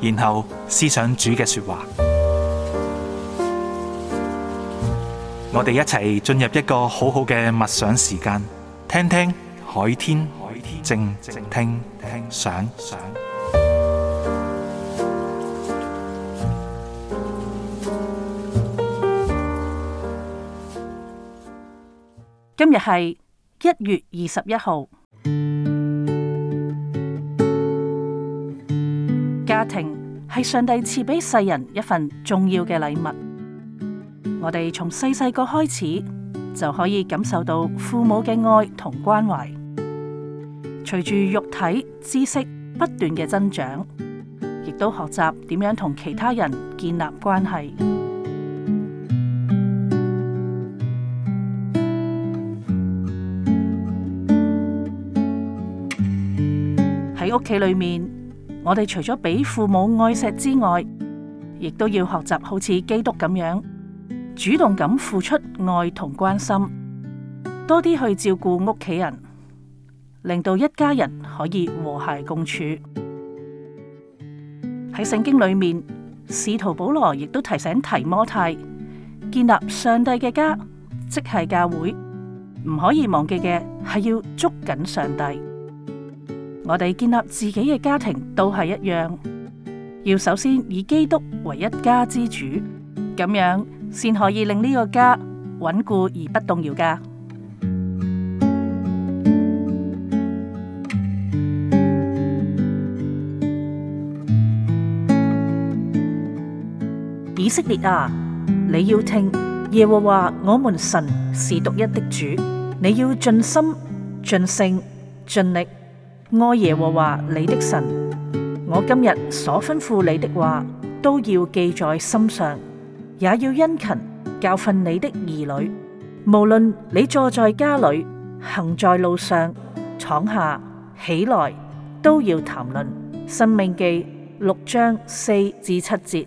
然後思想主嘅說話，我哋一齊進入一個好好嘅默想時間，聽聽海天靜靜聽想。今日係一月二十一號。庭係上帝賜俾世人一份重要嘅禮物。我哋從細細個開始，就可以感受到父母嘅愛同關懷。隨住肉體知識不斷嘅增長，亦都學習點樣同其他人建立關係。喺屋企裏面。我哋除咗俾父母愛錫之外，亦都要學習好似基督咁樣，主動咁付出愛同關心，多啲去照顧屋企人，令到一家人可以和諧共處。喺聖經裏面，使徒保羅亦都提醒提摩太，建立上帝嘅家，即係教會，唔可以忘記嘅係要捉緊上帝。我哋建立自己嘅家庭都係一樣，要首先以基督為一家之主，咁樣先可以令呢個家穩固而不動搖㗎。以色列啊，你要聽耶和華，我們神是獨一的主，你要盡心、盡性、盡力。愛耶和華你的神，我今日所吩咐你的話都要記在心上，也要殷勤教訓你的兒女，無論你坐在家裏，行在路上，躺下起來，都要談論。申命記六章四至七節。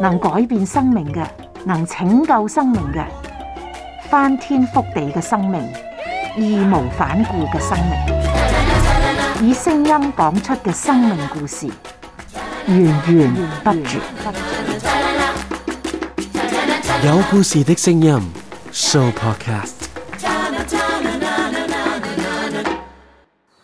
能改變生命嘅，能拯救生命嘅，翻天覆地嘅生命，義無反顧嘅生命，以聲音講出嘅生命故事，源源不絕。有故事的聲音，Show Podcast。